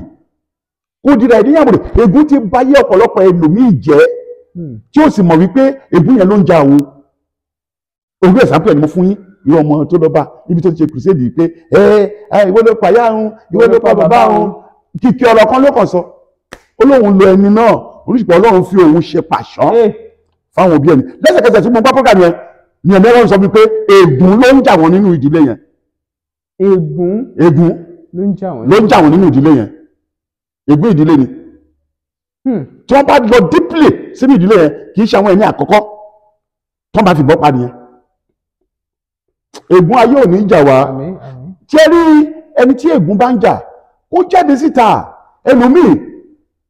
ó dira ẹni yàgò ègún ti báyé ọ̀pọ̀lọpọ̀ ẹlòmíì jẹ́ hmm. tí ó sì mọ̀ wípé ègún yẹn ló ń ja òun òun ẹ̀sánpẹ̀ ni mo fún yín ìwọ ọmọ tó lọ bá níbi tó ti ṣe crusade pé ẹ ẹ ìwọ ló pa yáà ń ìwọ ló pa bàbá òun kìkì ọ̀rọ̀ ló kàn sọ ó lo ẹni náà oníṣùpọ̀ ọlọ́run fi òun ṣe pàṣán eh. fáwọn òbí ẹni lẹ́sẹ̀kẹsẹ̀ tí mo gbá program yẹn ni ẹ̀mí ẹ̀rọ sọ pé ègún ló ń jà wọ́n nínú ìdílé yẹn.
ègún ló
ń jà wọ́n nínú ìdílé yẹn ègún ìdílé ni hmm. tí wọ́n bá lọ dípìlì síbi ìdílé yẹn kì í ṣe àwọn ẹni àkọ́kọ́ tí wọ́n bá fìbọn pa nìyẹn ègún ayé ò ní jà wá tí ẹ rí ẹni tí ègún bá ń jà kó jáde síta ẹlòmíì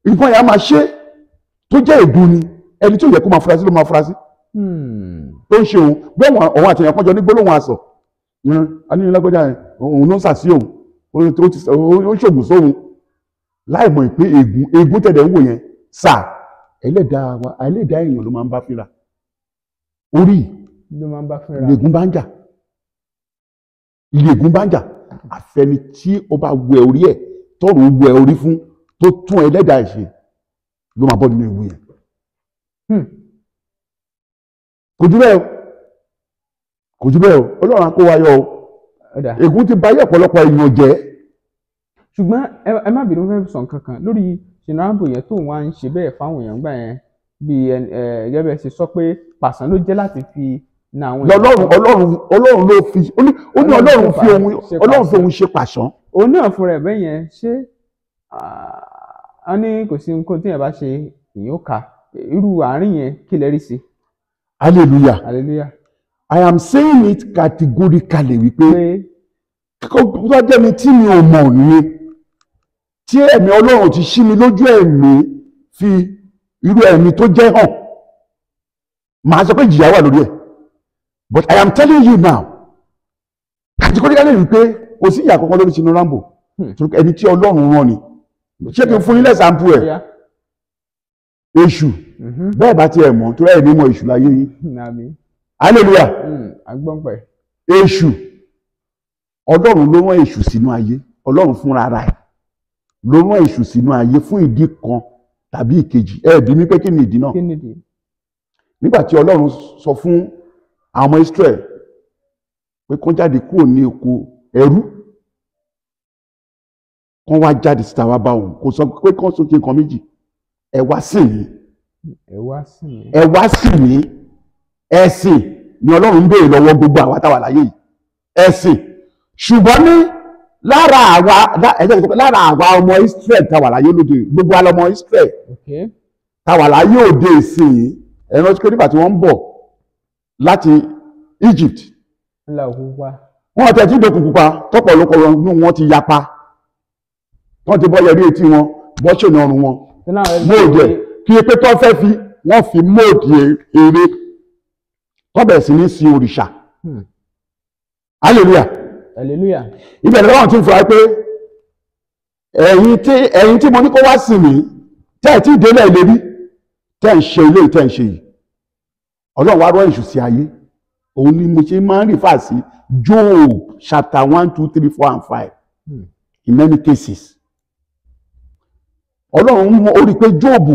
nǹkan yà máa ṣe tó jẹ́ ègún ni ẹni tí ò yẹ kó máa fura sí ló máa fura sí tó hmm. ń ṣe òun gbẹ̀wọ̀n òun àti èèyàn kan jọ ní gbólóhùn asọ̀ hmm. anínilágbọ́jà òun ló ń sà sí òun ó ń ṣògùn sóhun láì mọ̀ pé ègún ègún tẹ̀dẹ̀ ń wò yẹn sà ẹlẹ́dàá wa ẹlẹ́dàá èèyàn ló máa ń bá fínra orí ìlẹ̀gùn bá ń jà ìlẹ̀gùn bá ń jà àfẹni tí ó bá wẹ orí ẹ̀ tọrọ wẹ orí fún tó tún ẹlẹ́dàá ẹ̀ ṣe ló máa bọ́ nínú ewu yẹn hmm. kò jù bẹ́ẹ̀ o kò jù bẹ́ẹ̀ o ọlọ́run á kó wa yọ o ègún ti bà ayé ọ̀pọ̀lọpọ̀ èèyàn jẹ́
ṣùgbọ́n ẹ má bínú fẹ́ sọ nǹkan lórí Tinubu yẹn tó wá ń ṣe bẹ́ẹ̀ fáwọn èèyàn gbà yẹn bí ẹ gẹ́gẹ́ bẹ́ẹ̀ ṣe sọ pé pàṣán ló jẹ́ láti fi na àwọn èèyàn. Ọlọ́run Ọlọ́run
Ọlọ́run ló fi ó ní Ọlọ́run fi òun Ọlọ́run fi òun ṣe pàṣán.
òun náà fúnra ẹ̀ bẹ́ẹ̀ yẹn ṣé a ní kò sí nǹkan tí yẹn bá ṣe ìyóò ká irú àárín yẹn kí lè rí sí.
hallelujah i am saying it categorically wípé kókó tó jẹ́ mi tí mi ò mọ̀ nìyẹn tí ẹ̀mí ọlọ́run ti ṣí mi lójú ẹ̀mí fi irú ẹ̀mí tó jẹ́ hàn màá sọ pé ìjìyà wà lórí ẹ̀ but I am telling you now kàtíkọ́ríkálẹ̀ wípé kò sí ìyà kankan lórí Tinubu Rambo hmm. ẹni tí ọlọ́run rán ni ṣé kí n fún yín lẹ́sàmpù ẹ̀ èṣù mm-hmm. bẹ́ẹ̀ bá tiẹ̀ mọ̀ tó rẹ̀ ní mọ̀ èṣù láyé yín hmm, hallelujah hmm, èṣù ọlọ́run ló rán èṣù sínú ayé ọlọ́run fúnra ara ẹ̀ ló rán èṣù sínú ayé fún ìdí kan tàbí ìkejì ẹ bí mi pé kí ni ìdí náà nígbà tí ọlọ́run sọ fún àwọn ọmọ Israel pé kán jáde kúrò ní oko ẹrú kán wá jáde síta wá bá òun kò sọ pé kán sókè nǹkan méjì ẹ wá sìn mí
ẹ
wá sìn mí ẹ̀sìn ni ọlọ́run ń béèrè lọ́wọ́ gbogbo àwa táwa láyé yìí ẹ̀sìn ṣùgbọ́n ní lára àwa lára àwa ọmọ Israel táwa láyé lóde gbogbo àlọ́ ọmọ Israel táwa láyé òde ìsìn ẹ̀rọ tí kò tí wọ́n ń bọ̀ láti Egypt wọ́n tẹ̀ tí dòkùnkùn pa tọ́pọ̀ lókọ̀ọ́ wọn ti yapa wọ́n ti bọ́ yẹrí etí wọn bọ́ṣọ̀nà ọrùn wọn móòdì ẹ̀ kí epe tó fẹ́ fi wọ́n fi móòdì e, eré wọ́n bẹ̀rẹ̀ sí ní sin òrìṣà hmm. hallelujah hallelujah ìbẹ̀rẹ̀ lọ́wọ́n tún fura pé ẹ̀yin tí mo ní kó wá sìn mí tẹ́ ẹ̀ tí ì délẹ̀ ilé bí tẹ́ ẹ̀ ń ṣe ilé tẹ́ ẹ̀ ń ṣe yìí ọlọ́run wá rọ sí ayé òun ni mo ṣe máa ń rí fàásì Job chapter one two three four and five hmm. in many cases ọlọ́run ó rí i pé Job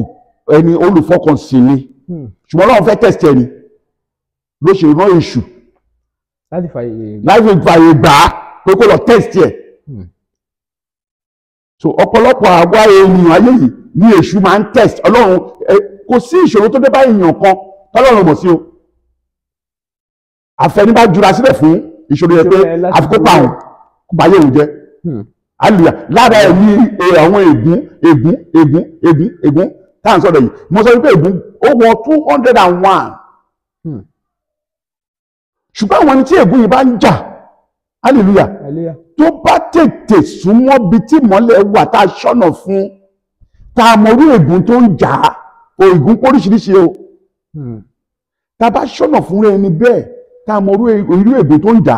ẹni olùfọkànsìn ni hmm. ṣùgbọ́n ọlọ́run fẹ́ tẹ̀sítẹ̀ ni ló ṣe rán èṣù láti fààyè gbà á pé kó lọ test ẹ̀ hmm. so ọ̀pọ̀lọpọ̀ àwa ènìyàn ayé yìí ni èṣù máa ń test ọlọ́run kò sí ìṣòro tó dé bá èèyàn kan tọ́lọ́run mọ̀ sí o àfẹnibá jura sílẹ̀ fún ìṣòro yẹn pé àfikún pààrùn kó bá yẹ̀wò jẹ́ àlùyà hmm. lára ẹ̀ ní àwọn ègún ègún ègún ègún ègún tá à ń sọ̀rọ̀ yìí mo sọ wípé ègún ó wọ two hundred and one. Hmm ṣùgbọ́n àwọn ẹni tí ègún yìí bá ń jà hallelujah tó bá tètè súnmọ́ bí tí mọ́lẹ̀ wà tá a ṣọ́nà fún tá a mọ̀rú ègún tó ń jà o ègún póríṣiríṣi o tá a bá ṣọ́nà fún ẹni bẹ́ẹ̀ tá a mọ̀rú e-, irú ègún tó ń jà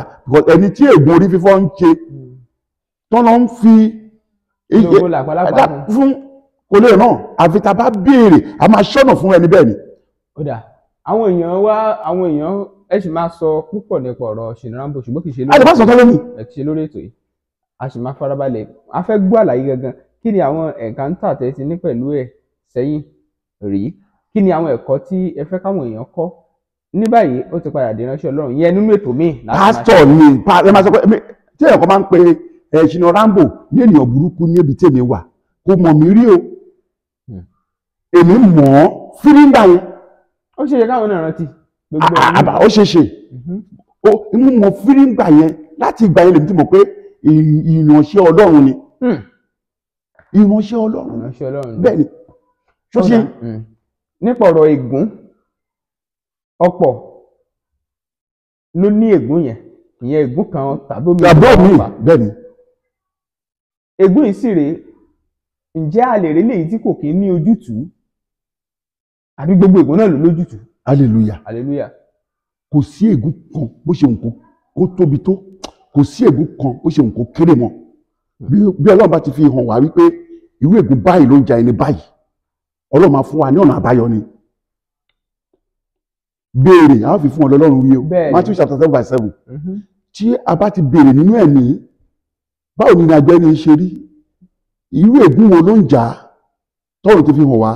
ẹni tí ègún orí fífọ́ ń ṣe tọ́lọ́ ń fi fún kò lè ràn àfi tá a bá béèrè a máa ṣọ́nà fún ẹni bẹ́ẹ̀ ni.
àwọn èèyàn wá àwọn èèyàn ẹ sì máa sọ púpọ̀ nípa ọ̀rọ̀ Shina Rambo ṣùgbọ́n kì í ṣe lórí ètò yìí ẹ ti ṣe lórí ètò yìí a sì máa farabalẹ̀ a fẹ́ gbọ́ àlàyé gangan kí ni àwọn ẹ̀ka ń tà tẹ́ ti ní pẹ̀lú ẹ̀ sẹ́yìn rí kí ni àwọn ẹ̀kọ́ tí ẹ fẹ́ káwọn èèyàn kọ́ ní báyìí ó ti padà dé ránṣẹ́ Ọlọ́run yẹn nínú ètò míì.
pásítọ̀ ni ẹ máa sọ pé tí ẹ̀kọ́ máa ń pe Shina Rambo gbogbo ah, ẹni àbá ó ṣe ṣe mhm. ó mú mọ fírí gbà yẹn láti ìgbà yẹn lèmi ti mọ̀ pé ìránṣẹ́ ọlọ́run ni hmm. ìránṣẹ́ ọlọ́run bẹ́ẹ̀ ni
ṣó ṣe. Hmm.
nípa
ọ̀rọ̀ ègún ọ̀pọ̀ ló ní ègún yẹn ìyẹn ègún kan tàbí omi ìgbà bẹ́ẹ̀ ni. ègún yìí sì rèé ǹjẹ́ a lè rí léyìí tí kò kí ń ní ojútùú
àbí gbogbo ègún náà ló lójútùú hallelujah hallelujah kò sí ègún kan bó ṣe nǹkan kó tóbi tó kò sí ègún kan bó ṣe nǹkan kéré mọ́ bí ọlọ́run bá ti fi hàn wá wípé irú ègún báyìí ló ń ja ẹni báyìí ọlọ́run máa fún wa ní ọ̀nà àbáyọ ni béèrè a fi fún ọlọ́run wí o Matthew chapter seven verse seven mm-hmm. tí a bá ti béèrè nínú ẹ̀mí báwo ni ìrìnàjò ẹni ṣe rí irú ègún wo ló ń jà tọ́run ti fi hàn wá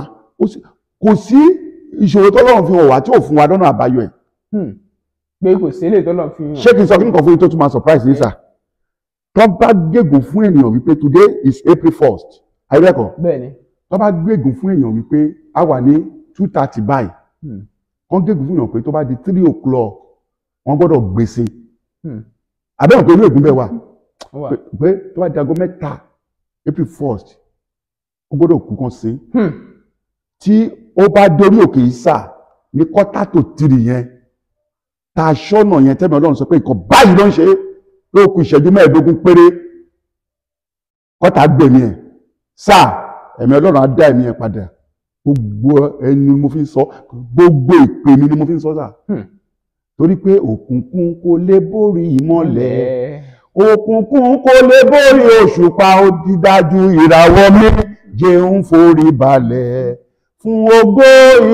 kò sí ìṣòro tọ́lọ́run fi hàn wá tí ò fún wa dọ́nà àbáyọ ẹ̀. Hmm. pé kò sí èlé tọ́lọ́run fi hàn. ṣé kí n sọ kí n kàn fún yín tó tún máa surprise yín sà tó bá gégùn fún ènìyàn wípé today is April first ayẹ́kọ̀ tó bá gégùn fún ènìyàn wípé a wà ní two thirty báyìí kán hmm. gégùn fún ènìyàn pé tó bá di three o'clock wọ́n gbọ́dọ̀ gbèsè hmm. àbẹ̀wò pé inú ègún bẹ́ẹ̀ wà pé tó bá di aago mẹ́ta April first ó gbọ́dọ̀ kú kan sí tí ó bá dórí òkè ìsà ní kọ́tà tó tìrì yẹn tá a ṣọ́nà yẹn tẹ́mi ọlọ́run sọ pé nǹkan báyìí ló ń ṣe ló kù ìṣẹ́jú mẹ́ẹ̀ẹ́dógún péré kọ́tà gbẹ̀mí ẹ̀ sáà ẹ̀mí ọlọ́run á dá ẹ̀mí ẹ̀ padà gbogbo ẹni ni mo fi ń sọ gbogbo ìpè mi ni mo fi ń sọ sáà hmm. torí pé òkùnkùn kò lè borí ìmọ́lẹ̀ hmm. òkùnkùn kò lè borí òṣùpá ó dídájú ìràwọ̀ mi jẹun forí balẹ̀ fún ògo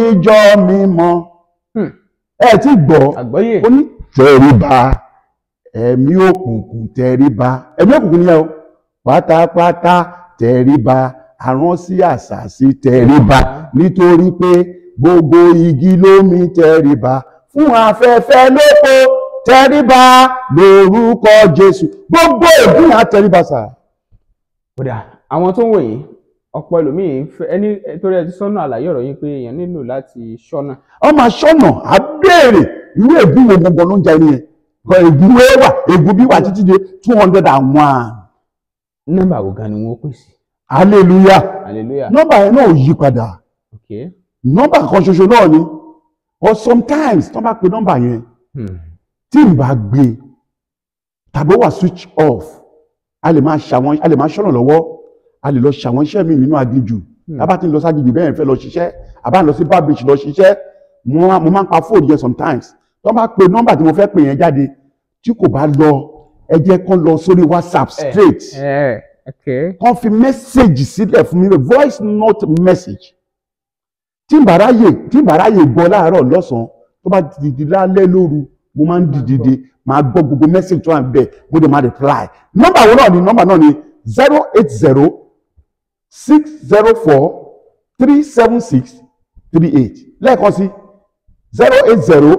ìjọ mímọ́ hmm. ẹ ti gbọ́ ó ní tẹríba ẹ̀mí òkùnkùn tẹríba ẹ̀mí òkùnkùn ni ẹ o pátápátá tẹríba àrán sí àṣàsí tẹríba nítorí pé gbogbo igi lómi tẹríba fún afẹ́fẹ́ lóko tẹríba lórúkọ Jésù gbogbo ògùn àtẹríba sà.
kódà àwọn tó ń wòye ọ̀pọ̀ ẹlòmíì ẹni torí ẹ ti sọ́nà àlàyé ọ̀rọ̀ yín pé èèyàn nílò láti ṣọ́nà.
ọmọ aṣọ́nà á béèrè irú ègbú wo gbọ̀ngàn ló ń jẹ ẹni yẹn kọ ègbú wé wà ègbú bí wà títí dé two hundred and one. nọ́mbà wo gan ni wọ́n pè sí. hallelujah
hallelujah nọ́mbà
yẹn náà ò yí padà nọ́mbà kan ṣoṣo náà ni or sometimes tó bá pe nọ́mbà yẹn hmm. tí n bá gbé tàbí ó wà switch off a lè máa ṣàwọn a lè máa ṣọ́nà lọ́wọ́ a lè lọ ṣàwọn iṣẹ́ mi nínú aginjù hmm. tábà tí ń lọ ságijù bẹ́ẹ̀ fẹ́ lọ ṣiṣẹ́ àbá ń lọ sí bar beach lọ ṣiṣẹ́ mo máa ń pa fóònù yẹn sometimes tó bá pe nọ́mbà tí mo fẹ́ pè yẹn jáde tí kò bá lọ ẹ jẹ́ kán lọ sórí whatsapp eh, straight eh, kán fi mẹ́sẹ̀gì sílẹ̀ fún mi voice not message tí n bá ráyè tí n bá ráyè gbọ́ láàárọ̀ lọ́sàn-án tó bá dìde lálẹ́ lóru mo máa ń dìde máa gbọ́ gbogbo mẹ́sẹ̀gì tó wà ń bẹ̀ mo máa reply nọ́mbà wo náà ni nọ́mbà náà ni zero eight zero six zero four three seven six three eight lẹ́ẹ̀kan sí zero eight zero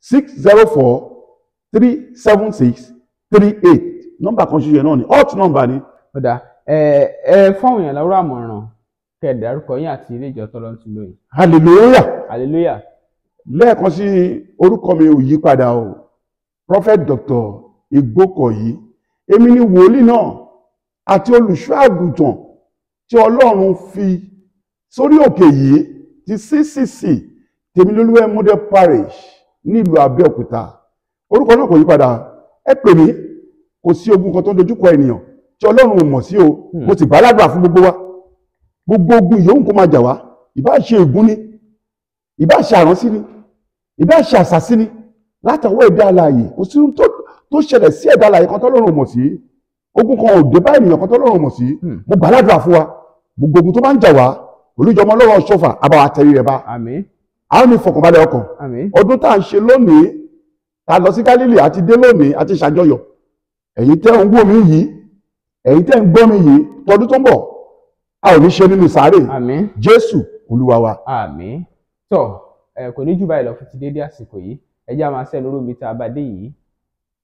six zero four three seven six three eight nọ́mbà kan ṣoṣo yẹn náà ni alt nọ́mbà ni. ọ̀dà ẹ
ẹ fọ́ọ̀mù yẹn lọ́wọ́ àmọ̀ràn kẹ̀dẹ̀ yín àti ilé ìjọ tọ́lọ́
ti lóyún. hallelujah. hallelujah. lẹ́ẹ̀kan sí orúkọ mi ò yí padà o prophet doctor Igbokoyi èmi ni wòlíì náà àti olùṣọ́ àgùntàn tí ọlọ́run fi sórí òkè yìí ti ccc tèmílólúwẹ́ model parish nílùú abẹ́òkúta orúkọ náà kò yí padà ẹ pè mí kò sí ogun kan tó ń dojúkọ ènìyàn tí ọlọ́run ò mọ̀ sí o hmm. mo sì gbàládùn fún gbogbo wa gbogbo ogun yòówù kó máa jà wá ìbá ṣe ègún ni ìbá ṣe àránsí ni ìbá ṣe àṣàsí ni látàwọ́ ẹ̀dá alààyè kò sí ohun tó ṣẹlẹ̀ sí ẹ̀dá alààyè kan tọ́lọ́run ò mọ̀ sí ogun kan ò dé bá ènìyàn kan tọ́lọ́run ò mọ̀ sí hmm. mo gbàládùn fún wa gbogbo ogun tó bá ń jà wá olùjọmọ lọ́rọ̀ ṣọ́fà àbáwá tẹ̀rí rẹ̀ bá a ní fọkànbalẹ̀ ọkàn ọdún tá à ń ṣe lónìí tá lọ sí Gálílì àti dé lónìí àti ṣàjọyọ̀ ẹ̀yin tẹ́ ń gbọ́ mi yìí ẹ̀yin tẹ́ ń gbọ́ mi yìí tọdún tó ń bọ̀ a ò ní ṣe nínú sáré Jésù Olúwa wa.
tọ kò ní jù báyìí lọ fún ti dédé àsìkò yìí ẹ jẹ́ a máa sẹ́nu lórí tá yìí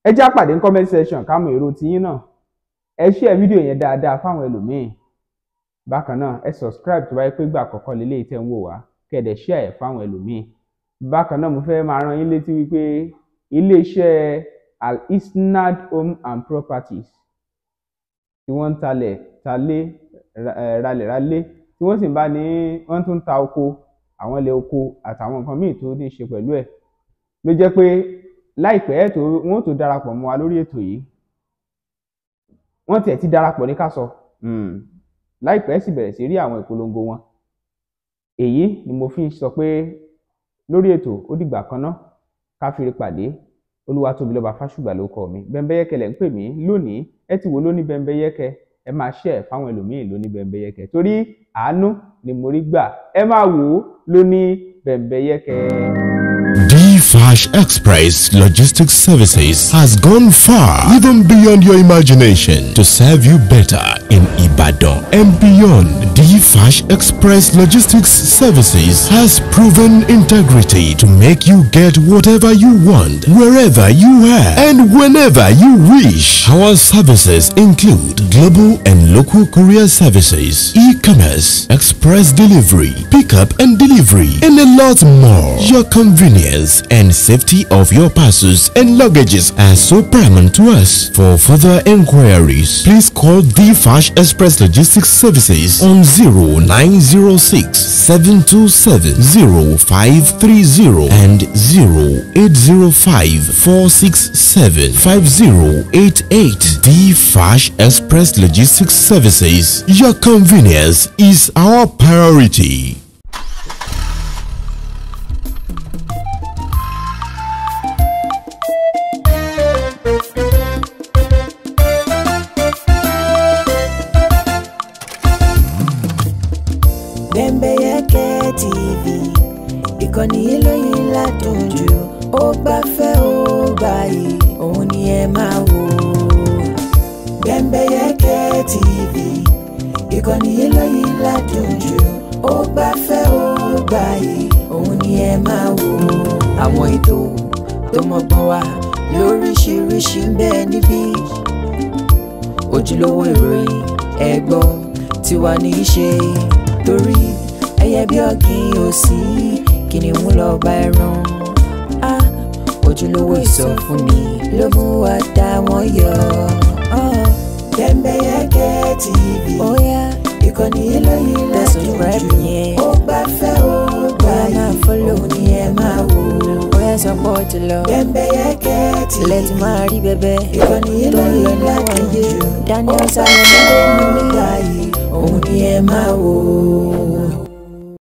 ẹ jẹ́ a pàdé ní èrò tiyín náà ẹ ṣí ẹ fídíò yẹn dáadáa fáwọn ẹlòmíín bákan náà ẹ subscribe tó bá yẹ pé gbà àkọ́kọ́ lélẹ́yìí tẹ́ ń wò wá kẹ̀dẹ̀ share ẹ̀ fáwọn ẹlòmíì bákan náà mo fẹ́ máa rán yín létí wípé iléeṣẹ́ Al-Isnad Home and Properties tí wọ́n ń talẹ̀ talé ralẹ̀ralé tí wọ́n sì ń bá ní wọ́n tún ń ta oko àwọn ilẹ̀ oko àtàwọn nǹkan míì tó ní í ṣe pẹ̀lú ẹ̀ ló jẹ́ pé láìpẹ́ wọ́n tó darapọ̀ mọ́ wa lórí ètò yìí wọ́n tiẹ̀ ti darapọ̀ ní ká sọ hmm láìpẹ́ sì bẹ̀rẹ̀ sí rí àwọn ìpolongo wọn èyí ni mo fi sọ pé lórí ètò ó dìgbà kan ná ká fìrí pàdé olúwatóbilọ́ba fásùgbà ló kọ mi bẹ́ńbẹ́yẹ́kẹ́ lẹ́ ń pè mí lónìí ẹ ti wò ló ní bẹ́ńbẹ́yẹ́kẹ́ ẹ máa ṣe ẹ̀ fáwọn ẹlòmíì ló ní torí àánú ni mo rí gbà ẹ máa wò ó ló ní
Flash Express Logistics Services has gone far, even beyond your imagination, to serve you better in Ibadan and beyond. DFASH Express Logistics Services has proven integrity to make you get whatever you want, wherever you are, and whenever you wish. Our services include global and local courier services, e-commerce, express delivery, pickup and delivery, and a lot more. Your convenience and safety of your parcels and luggages are so paramount to us. For further inquiries, please call DFASH Express Logistics Services on zero nine zero six seven two seven zero five three zero and zero eight zero five four six seven five zero eight eight. D Fash Express Logistics Services. Your convenience is our priority. Daniel Simon, Omi Kai, Omi Emma, oh.